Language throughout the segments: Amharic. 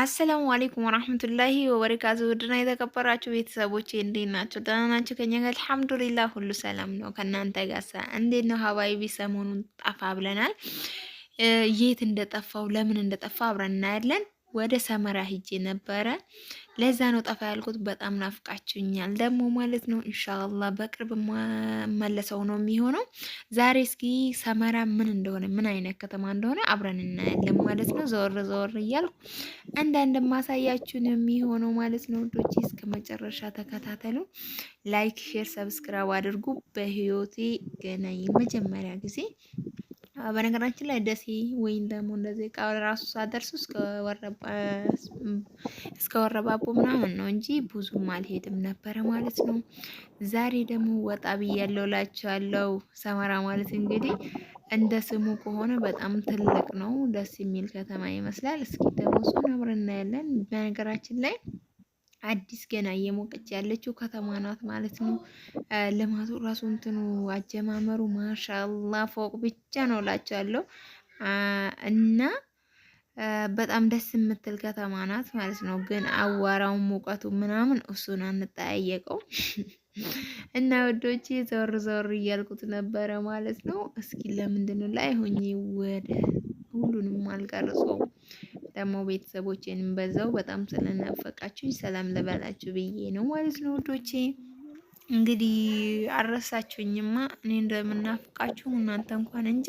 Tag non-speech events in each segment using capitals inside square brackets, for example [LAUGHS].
አሰላሙ አሌይኩም ወራህመቱላሂ ወበረካቱ። ውድና የተከበራችሁ ቤተሰቦቼ እንዴት ናቸው? ደህና ናቸው? ከኛ ጋር አልሐምዱሊላ ሁሉ ሰላም ነው። ከእናንተ ጋሳ እንዴት ነው? ሀባይቢ ሰሞኑን ጠፋ ብለናል። የት እንደጠፋው ለምን እንደጠፋ አብረን እናያለን። ወደ ሰመራ ሂጄ ነበረ። ለዛ ነው ጠፋ ያልኩት። በጣም ናፍቃችሁኛል ደግሞ ማለት ነው። እንሻላ በቅርብ መለሰው ነው የሚሆነው። ዛሬ እስኪ ሰመራ ምን እንደሆነ ምን አይነት ከተማ እንደሆነ አብረን እናያለን ማለት ነው። ዘወር ዘወር እያልኩ አንዳንድ ማሳያችሁ ነው የሚሆነው ማለት ነው። ዶች እስከ መጨረሻ ተከታተሉ። ላይክ፣ ሼር፣ ሰብስክራይብ አድርጉ። በህይወቴ ገና የመጀመሪያ ጊዜ በነገራችን ላይ ደሴ ወይም ደግሞ እንደዚህ እቃ ራሱ ሳደርሱ እስከ ወረባቦ ምናምን ነው እንጂ ብዙም አልሄድም ነበረ ማለት ነው። ዛሬ ደግሞ ወጣ ብያለሁ እላችኋለሁ። ሰመራ ማለት እንግዲህ እንደ ስሙ ከሆነ በጣም ትልቅ ነው። ደስ የሚል ከተማ ይመስላል። እስኪ ደግሞ እሱን አብረን እናያለን። በነገራችን ላይ አዲስ ገና እየሞቀች ያለችው ከተማ ናት ማለት ነው። ልማቱ ራሱ እንትኑ አጀማመሩ ማሻላ ፎቅ ብቻ ነው እላቸዋለሁ እና በጣም ደስ የምትል ከተማ ናት ማለት ነው። ግን አዋራውን ሙቀቱ ምናምን እሱን አንጠያየቀው [LAUGHS] እና ወዶች ዞር ዞር እያልኩት ነበረ ማለት ነው። እስኪ ለምንድን ላይ ሆኜ ወደ ሁሉንም አልቀርጾም ደግሞ ቤተሰቦቼንም በዛው በጣም ስለናፈቃችሁ ሰላም ልበላችሁ ብዬ ነው ማለት ነው ወዶቼ። እንግዲህ አረሳችሁኝማ እኔ እንደምናፍቃችሁ እናንተ እንኳን እንጃ።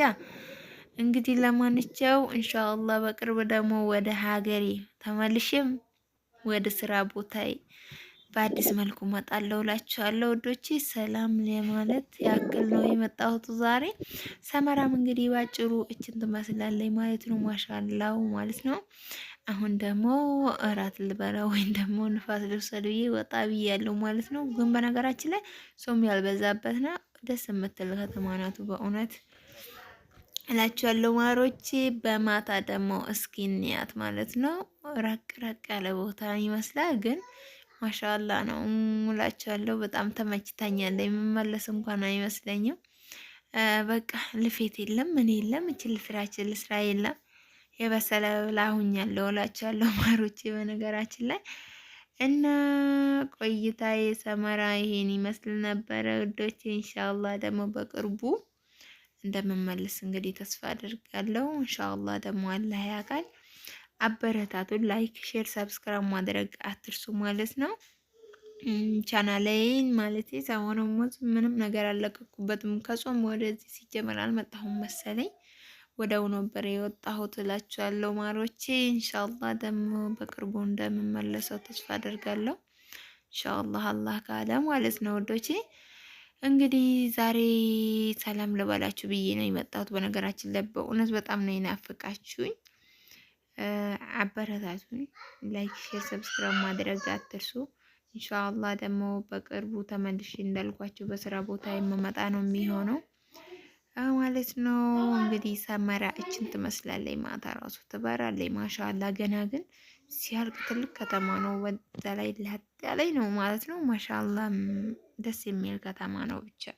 እንግዲህ ለማንኛው ኢንሻአላህ በቅርብ ደግሞ ወደ ሀገሬ ተመልሼም ወደ ስራ ቦታዬ በአዲስ መልኩ መጣለው ላችኋለሁ ወዶቼ። ሰላም ለማለት ያክል ነው የመጣሁት ዛሬ። ሰመራም እንግዲህ ባጭሩ እችን ትመስላለች ማለት ነው። ማሻላው ማለት ነው። አሁን ደግሞ እራት ልበላ ወይም ደግሞ ንፋስ ልውሰድ ብዬ ወጣ ብዬ ያለው ማለት ነው። ግን በነገራችን ላይ ሰውም ያልበዛበት ነው ደስ የምትል ከተማ ናቱ በእውነት እላችኋለሁ ማሮቼ። በማታ ደግሞ እስኪ እንያት ማለት ነው። ራቅ ራቅ ያለ ቦታ ይመስላል ግን ማሻላ ነው ሙላችኋለሁ። በጣም ተመችታኛለ። የምመለስ እንኳን አይመስለኝም። በቃ ልፌት የለም ምን የለም እችል ስራችን ልስራ የለም የበሰለ ብላሁኛለሁ እላችኋለሁ [LAUGHS] ማሮቼ። በነገራችን ላይ እና ቆይታ የሰመራ ይሄን ይመስል ነበረ ውዶቼ። እንሻላ ደግሞ በቅርቡ እንደምመልስ እንግዲህ ተስፋ አድርጋለሁ። እንሻላ ደግሞ አላህ ያውቃል። አበረታቱን። ላይክ፣ ሼር፣ ሰብስክራይብ ማድረግ አትርሱ ማለት ነው። ቻናሌን ማለት ሞት ምንም ነገር አለቀኩበትም። ከጾም ወደዚህ ሲጀመር አልመጣሁም መሰለኝ ወደው ነበር የወጣሁት እላችኋለሁ ማሮቼ። ኢንሻአላህ ደግሞ በቅርቡ እንደምመለሰው ተስፋ አደርጋለሁ። ኢንሻአላህ አላህ ካለ ማለት ነው ወዶቼ። እንግዲህ ዛሬ ሰላም ልበላችሁ ብዬ ነው የመጣሁት። በነገራችን ላይ በእውነት በጣም ነው የናፍቃችሁኝ። አበረታቱኝ። ላይክ፣ ሼር፣ ሰብስክራብ ማድረግ አትርሱ። ኢንሻአላ ደግሞ በቅርቡ ተመልሼ እንዳልኳቸው በስራ ቦታ የምመጣ ነው የሚሆነው ማለት ነው። እንግዲህ ሰመራ እችን ትመስላለች። ማታ ራሱ ትበራለች። ማሻአላ ገና ግን ሲያልቅ ትልቅ ከተማ ነው። ወደ ላይ ላይ ነው ማለት ነው። ማሻአላ ደስ የሚል ከተማ ነው ብቻ